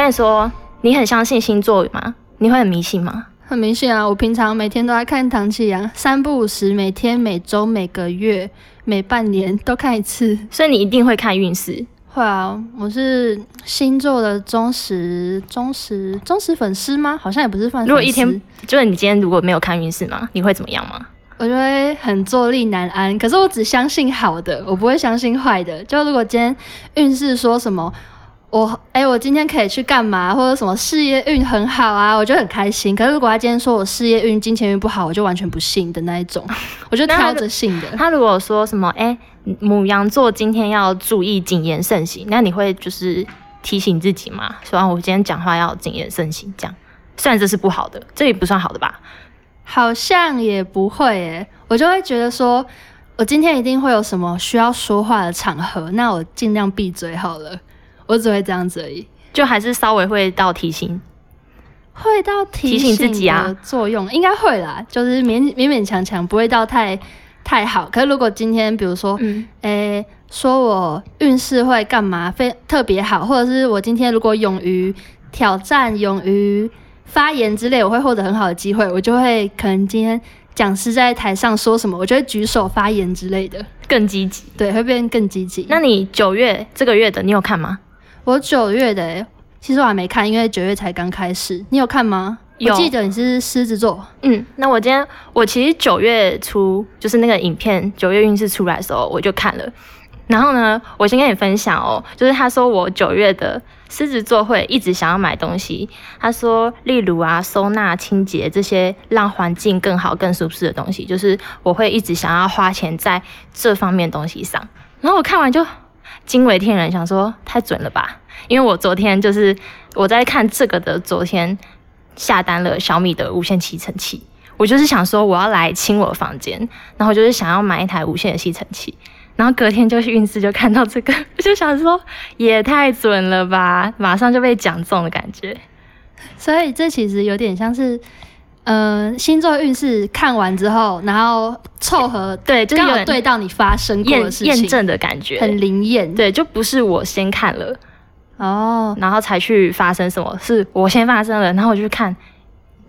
我跟你說，你很相信星座嗎？你會很迷信嗎？很迷信啊！我平常每天都在看唐綺陽，三不五時，每天、每週、每個月、每半年都看一次。所以你一定會看運勢？會啊，我是星座的忠實、忠實、忠實粉絲嗎？好像也不是粉絲。如果一天就是你今天如果沒有看運勢嗎？你會怎麼樣嗎？我就會很坐立難安。可是我只相信好的，我不會相信壞的。就如果今天運勢說什麼？我哎、欸，我今天可以去幹嘛？或者什麼事業運很好啊，我就很開心。可是如果他今天說我事業運、金錢運不好，我就完全不信的那一種。我就挑着信的。 他如果說什麼哎，牡、欸、羊座今天要注意謹言慎行，那你會就是提醒自己嗎？說啊，我今天講話要謹言慎行，這樣雖然這是不好的，這也不算好的吧？好像也不會哎、欸，我就會覺得說我今天一定會有什麼需要說話的場合，那我儘量閉嘴好了。我只會這樣子而已，就還是稍微會到提醒，會到提醒，提醒自己啊，作用應該會啦，就是勉勉勉強強不會到太太好。可是如果今天比如說，誒、嗯欸、說我運勢會幹嘛非特別好，或者是我今天如果勇於挑戰、勇於發言之類，我會獲得很好的機會，我就會可能今天講師在台上說什麼，我就會舉手發言之類的，更積極，對，會變更積極。那你九月這個月的你有看嗎？我九月的，欸，其實我還沒看，因為九月才剛開始。你有看嗎？有。我記得你是獅子座。嗯，那我今天我其實九月初就是那個影片九月運勢出來的時候我就看了。然後呢，我先跟你分享哦、喔，就是他說我九月的獅子座會一直想要買東西。他說，例如啊收納、清潔這些讓環境更好更舒適的東西，就是我會一直想要花錢在這方面東西上。然後我看完就。驚為天人，想說太準了吧？因為我昨天就是我在看這個的，昨天下單了小米的無線吸塵器，我就是想說我要來清我房間，然後就是想要買一台無線吸塵器，然後隔天就運勢就看到這個，我就想說也太準了吧，馬上就被講中的感覺，所以這其實有點像是。嗯、呃，星座運勢看完之後，然後湊合，對，剛好對到你發生過的事情，驗證的感覺很靈驗。對，就不是我先看了哦，然後才去發生什麼，是我先發生了，然後我就去看，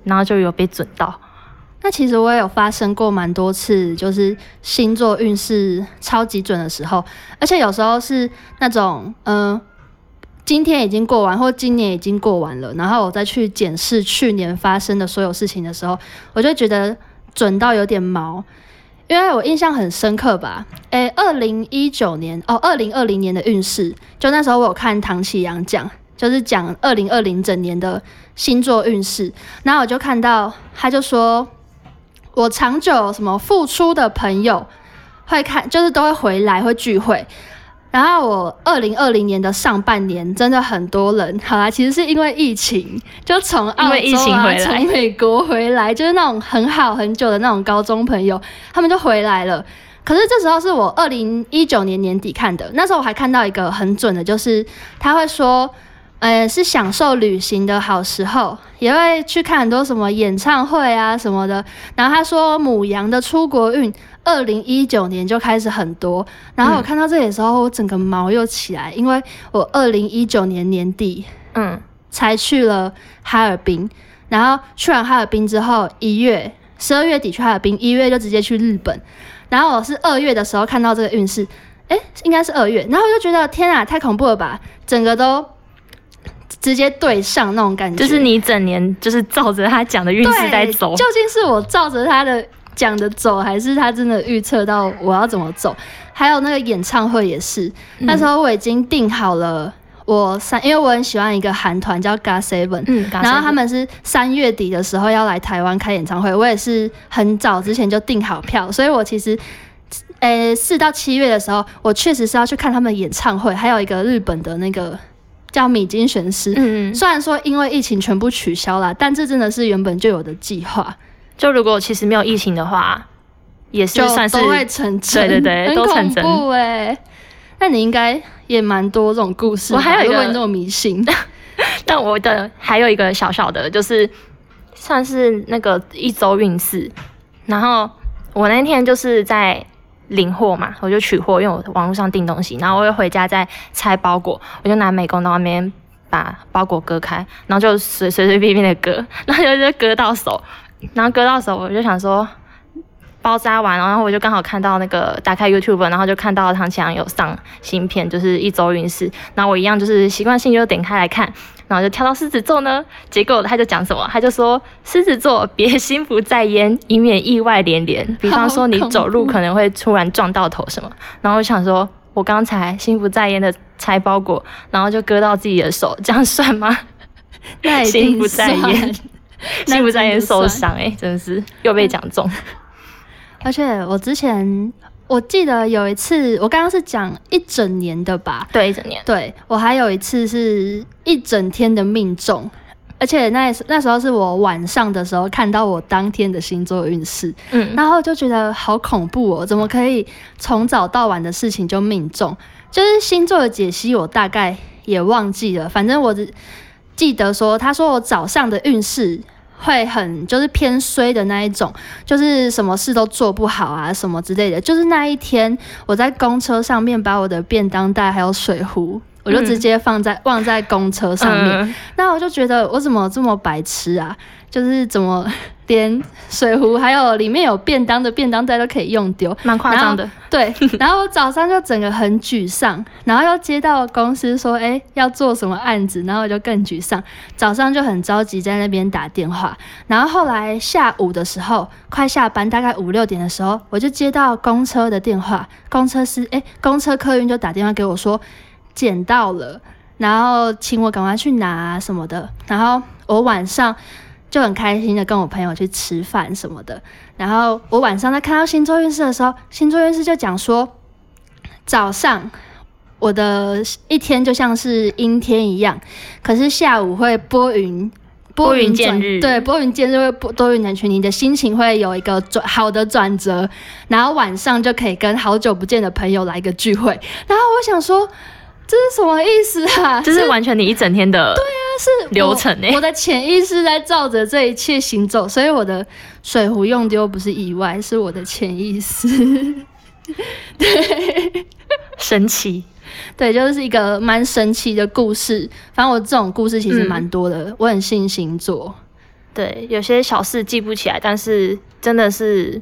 然後就有被準到。那其實我也有發生過蠻多次，就是星座運勢超級準的時候，而且有時候是那種嗯。呃今天已經過完，或今年已經過完了，然後我再去檢視去年發生的所有事情的時候，我就覺得準到有點毛，因為我印象很深刻吧。誒、欸，二零一九年哦，二零二零年的運勢，就那時候我有看唐綺陽講，就是講二零二零整年的星座運勢，然後我就看到他就說我長久什麼付出的朋友會看，就是都會回來會聚會。然後我二零二零年的上半年真的很多人，好啦，其實是因為疫情，就從澳洲，啊、因為疫情回來，從美國回來，就是那種很好很久的那種高中朋友，他們就回來了。可是這時候是我二零一九年年底看的，那時候我還看到一個很準的，就是他會說。呃、欸，是享受旅行的好時候，也會去看很多什麼演唱會啊什麼的。然後他說牡羊的出國運，二零一九年就開始很多。然後我看到這裡的時候，嗯、我整個毛又起來，因為我二零一九年年底，嗯，才去了哈爾濱。嗯、然後去完哈爾濱之後，一月十二月底去哈爾濱，一月就直接去日本。然後我是二月的時候看到這個運勢，哎、欸，應該是二月。然後我就覺得天啊，太恐怖了吧，整個都。直接對上那種感覺，就是你整年就是照着他講的運勢在走。究竟是我照着他的講的走，還是他真的預測到我要怎麼走？還有那個演唱會也是，嗯，那時候我已經訂好了我三，因為我很喜歡一個韓團叫 GOT7，嗯，然後他們是三月底的時候要來台灣開演唱會，我也是很早之前就訂好票，所以我其實，呃，欸，四到七月的時候，我確實是要去看他們演唱會，還有一個日本的那個。叫米津玄師，嗯嗯，雖然說因為疫情全部取消了，但這真的是原本就有的計劃。就如果其實沒有疫情的話，也是算是都會成真，對對對，很恐怖都成真。誒。那你應該也蠻多這種故事，我還有一個問這種迷信。 但我的還有一個小小的，就是算是那個一周運勢。然後我那天就是在。領貨嘛，我就取貨，因為我網絡上訂東西，然後我又回家再拆包裹，我就拿美工刀那邊把包裹割開，然後就隨隨隨便便的割，然後就，就割到手，然後割到手我就想說包紮完，然後我就剛好看到那個打開 YouTube，然後就看到唐綺陽有上新片，就是一周運勢，然後我一樣就是習慣性就點開來看。然後就跳到獅子座呢，結果他就講什麼？他就說獅子座別心不在焉，以免意外連連。比方說你走路可能會突然撞到頭什麼。然後我想說，我剛才心不在焉的拆包裹，然後就割到自己的手，這樣算嗎？ 心不在焉， 心不在焉受傷哎、欸，真的是又被講中。而且、嗯 okay, 我之前。我記得有一次，我剛剛是講一整年的吧？對，一整年。對，我還有一次是一整天的命中，而且那那時候是我晚上的時候看到我當天的星座運勢，嗯，然後就覺得好恐怖哦，怎麼可以從早到晚的事情就命中？就是星座的解析，我大概也忘記了，反正我只記得說，他說我早上的運勢。會很就是偏衰的那一種，就是什麼事都做不好啊，什麼之類的。就是那一天我在公車上面，把我的便當袋還有水壺。我就直接放在忘、嗯、在公車上面，那、嗯、我就覺得我怎麼這麼白痴啊？就是怎麼連水壺還有裡面有便當的便當袋都可以用丟，蠻誇張的。對，然後我早上就整個很沮喪， 然後又接到公司說哎、欸、要做什麼案子，然後我就更沮喪。早上就很着急在那邊打電話，然後後來下午的時候，快下班大概五六點的時候，我就接到公車的電話，公車司哎、欸、公車客運就打電話給我說。撿到了，然後請我趕快去拿、啊、什麼的，然後我晚上就很開心的跟我朋友去吃飯什麼的。然後我晚上在看到星座運勢的時候，星座運勢就講說，早上我的一天就像是陰天一樣，可是下午會撥雲撥雲見日，撥，對，撥雲見日會多雲轉晴，你的心情會有一個轉好的轉折，然後晚上就可以跟好久不見的朋友來一個聚會。然後我想說。這是什麼意思啊？ 這是完全你一整天的流程、欸、 對啊，是流程，我的潛意識在照着這一切行走，所以我的水壺用丟不是意外，是我的潛意識， 對，神奇， 對，就是一個蠻神奇的故事。反正我這種故事其實蠻多的，嗯、我很信星座。對，有些小事記不起來，但是真的是。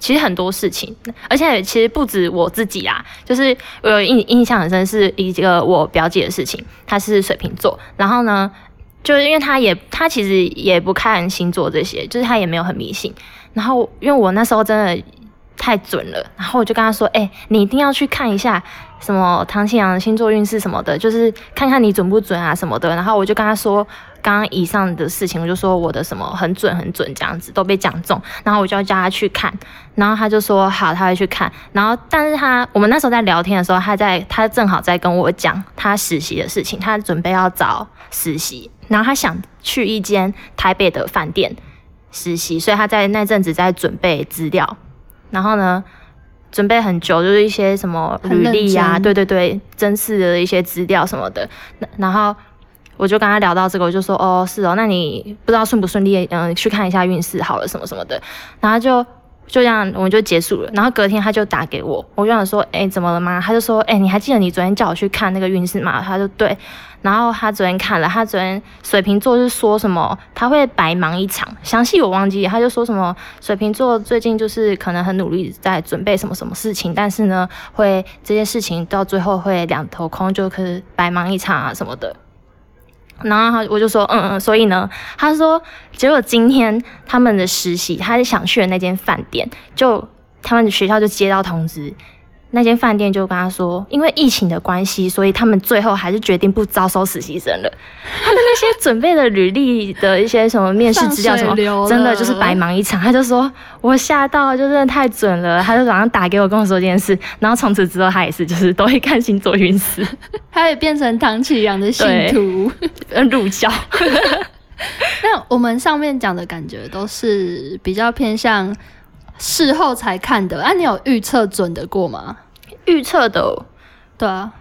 其實很多事情，而且其實不止我自己啊。就是我有印印象很深，是一個我表姐的事情。她是水瓶座，然後呢，就是因為她也，她其實也不看星座這些，就是她也沒有很迷信。然後因為我那時候真的太準了，然後我就跟她說，哎、欸，你一定要去看一下什麼唐綺陽的星座運勢什麼的，就是看看你準不準啊什麼的。然後我就跟她說。剛剛以上的事情，我就說我的什麼很準很準，很準這樣子都被講中，然後我就叫他去看，然後他就說好，他會去看，然後但是他我們那時候在聊天的時候，他在他正好在跟我講他實習的事情，他準備要找實習，然後他想去一間台北的飯店實習，所以他在那陣子在準備資料，然後呢，準備很久，就是一些什麼履歷呀，真對對對，甄試的一些資料什麼的，然後。我就跟他聊到這個，我就說哦，是哦，那你不知道順不順利？嗯，去看一下運勢好了，什麼什麼的。然後就就這樣，我們就結束了。然後隔天他就打給我，我就想說，哎、欸，怎麼了嗎？他就說，哎、欸，你還記得你昨天叫我去看那個運勢嗎？他就對。然後他昨天看了，他昨天水瓶座就是說什麼？他會白忙一場，詳細我忘記。他就說什麼水瓶座最近就是可能很努力在準備什麼什麼事情，但是呢，會這件事情到最後會兩頭空，就可是白忙一場啊什麼的。然後他我就說，嗯嗯，所以呢，他說，結果今天他們的實習，他是想去的那間飯店，就他們的學校就接到通知。那間飯店就跟他說，因為疫情的關係，所以他們最後還是決定不招收實習生了。他的那些準備的履歷的一些什麼面試資料什麼，真的就是白忙一場。他就說：“我嚇到了，就真的太準了。”他就馬上打給我，跟我說這件事。然後從此之後，他也是就是都會看星座運勢，他也變成唐綺陽的信徒，嗯，入教。 那我們上面講的感覺都是比較偏向。事後才看的，啊你有預測準的過嗎？預測的，對啊，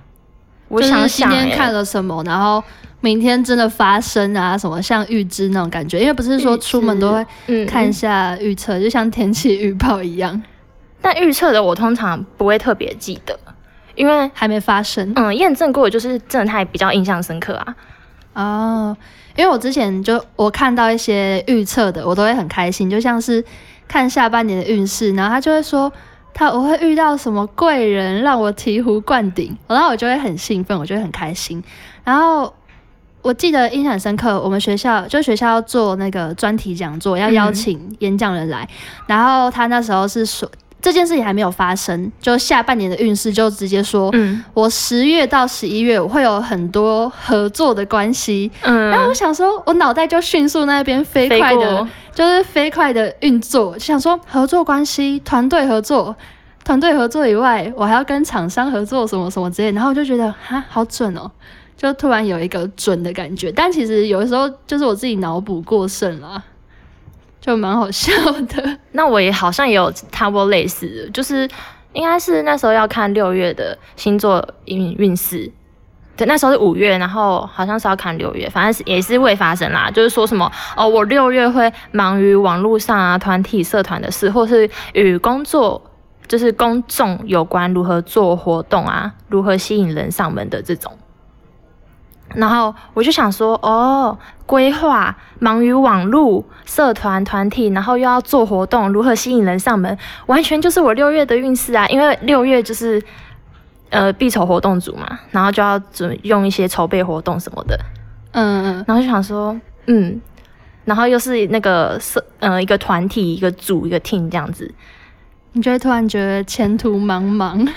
我想，想今天看了什麼，然後明天真的發生啊什麼，像預知那種感覺。因為不是說出門都會看一下預測，嗯嗯，就像天氣預報一樣。但預測的我通常不會特別記得，因為還沒發生。嗯，驗證過的就是真的比較印象深刻啊。哦，因為我之前就我看到一些預測的，我都會很開心，就像是。看下半年的運勢，然後他就會說他我會遇到什麼貴人，讓我醍醐灌頂，然後我就會很興奮，我就會很開心。然後我記得印象深刻，我們學校就學校要做那個專題講座，要邀請演講人來，嗯，然後他那時候是說。這件事情還沒有發生，就下半年的運勢就直接說，嗯，我十月到十一月我會有很多合作的關係，嗯，然後我想說，我腦袋就迅速那邊飛快的，過就是飛快的運作，想說合作關係、團隊合作、團隊合作以外，我還要跟廠商合作什麼什麼之類，然後我就覺得哈好準哦，就突然有一個準的感覺，但其實有的時候就是我自己腦補過剩了。就蠻好笑的， 那我也好像也有差不多類似的，就是應該是那時候要看六月的星座運運勢，對，那時候是五月，然後好像是要看六月，反正也是未發生啦，就是說什麼哦，我六月會忙於網絡上啊團體社團的事，或是與工作就是公眾有關如何做活動啊，如何吸引人上門的這種。然後我就想說，哦，規劃忙於網絡社團團體，然後又要做活動，如何吸引人上門，完全就是我六月的運勢啊！因為六月就是，呃，畢籌活動組嘛，然後就要準用一些籌備活動什麼的，嗯嗯，然後就想說，嗯，然後又是那個社，呃，一個團體，一個組，一個 team 這樣子，你就會突然覺得前途茫茫。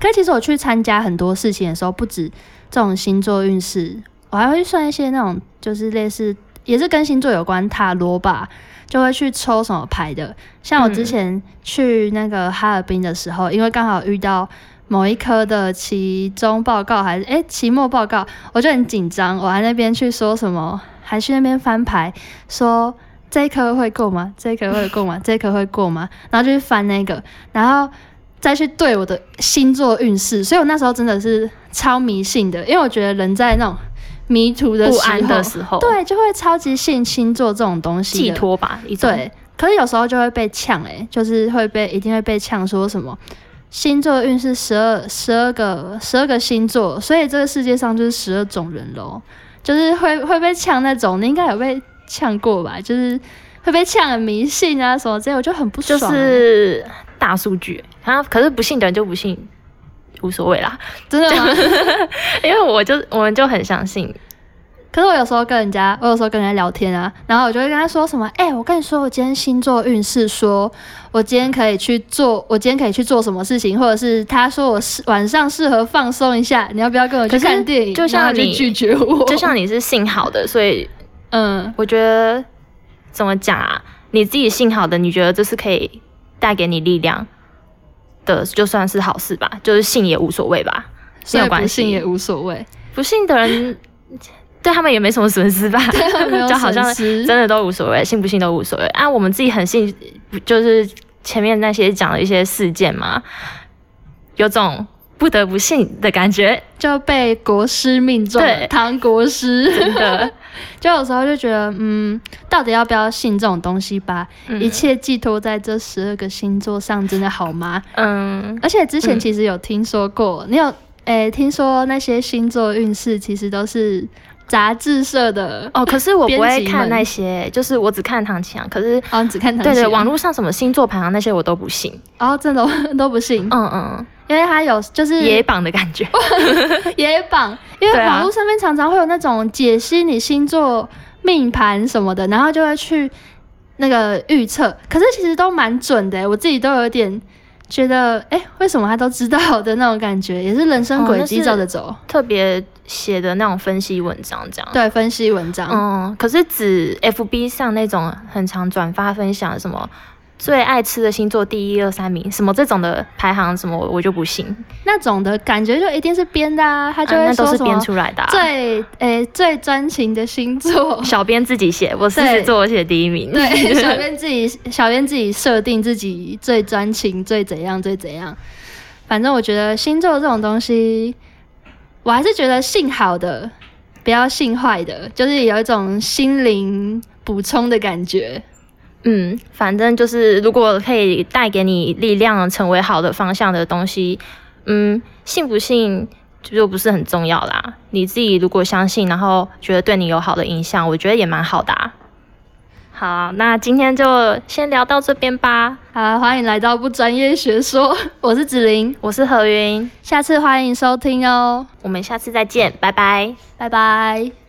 可是其實我去參加很多事情的時候，不止這種星座運勢，我還會算一些那種就是類似也是跟星座有關塔羅吧，就會去抽什麼牌的。像我之前去那個哈爾濱的時候，嗯、因為剛好遇到某一科的期中報告還是誒、欸、期末報告，我就很緊張，我還那邊去說什麼，還去那邊翻牌，說這一科會過嗎？這一科會過嗎？ 這一科會過嗎？這一科會過嗎？然後就去翻那個，然後。再去對我的星座運勢，所以我那時候真的是超迷信的，因為我覺得人在那種迷途的、不安的時候，對就會超級信星座這種東西寄托吧，一種，對。可是有時候就會被嗆誒、欸、就是會被一定會被嗆說什麼星座運勢十二十二個十二個星座，所以這個世界上就是十二種人嘍，就是會會被嗆那種，你應該有被嗆過吧？就是會被嗆很迷信啊什麼之類，我就很不爽，欸，就是大數據啊！可是不信的人就不信，無所謂啦，真的嗎？ 因為我就我們就很相信。可是我有時候跟人家，我有時候跟人家聊天啊，然後我就會跟他說什麼：哎、欸，我跟你說，我今天星座運勢，說我今天可以去做，我今天可以去做什麼事情，或者是他說我是晚上適合放鬆一下，你要不要跟我去看電影？就像你他就拒絕我，就像你是信好的，所以嗯，我覺得、嗯、怎麼講啊？你自己信好的，你覺得這是可以。帶給你力量的就算是好事吧，就是信也無所謂吧，沒有關係，信也無所謂。不信的人 對他們也沒什麼損失吧，失 就好像真的都無所謂，信不信都無所謂。啊，我們自己很信，就是前面那些講了一些事件嘛，有種不得不信的感覺，就被國師命中了唐對國師 真的。就有時候就覺得，嗯，到底要不要信這種東西吧？嗯、一切寄托在這十二個星座上，真的好嗎？嗯。而且之前其實有聽說過，嗯、你有誒、欸、聽說那些星座運勢其實都是雜誌社的哦。可是我不會看那些，就是我只看唐綺陽。可是啊，哦、只看唐。對，對對，網絡上什麼星座排行那些我都不信。哦，真的都不信。嗯嗯，因為他有就是野榜的感覺，野榜。因為網絡上面常常會有那種解析你星座命盤什麼的，然後就會去那個預測，可是其實都蠻準的、欸。我自己都有點覺得，哎、欸，為什麼他都知道的那種感覺，也是人生軌跡走着走，嗯、特別寫的那種分析文章這樣。對，分析文章，嗯，可是指 FB 上那種很常轉發分享什麼。最愛吃的星座第一二三名，什麼這種的排行什麼，我我就不信。那種的感覺就一定是編的啊，他就、嗯、那都是編出來的、啊最欸。最誒最專情的星座，小編自己寫，我自己做，我寫第一名。對，對，小編自己，小編自己設定自己最專情，最怎樣，最怎樣。反正我覺得星座這種東西，我還是覺得信好的，不要信壞的，就是有一種心靈補充的感覺。嗯，反正就是如果可以帶給你力量，成為好的方向的東西，嗯，信不信就不是很重要啦。你自己如果相信，然後覺得對你有好的影響，我覺得也蠻好的啊。好，那今天就先聊到這邊吧。好，歡迎來到不專業學說，我是子琳，我是何雲，下次歡迎收聽哦。我們下次再見，拜拜，拜拜。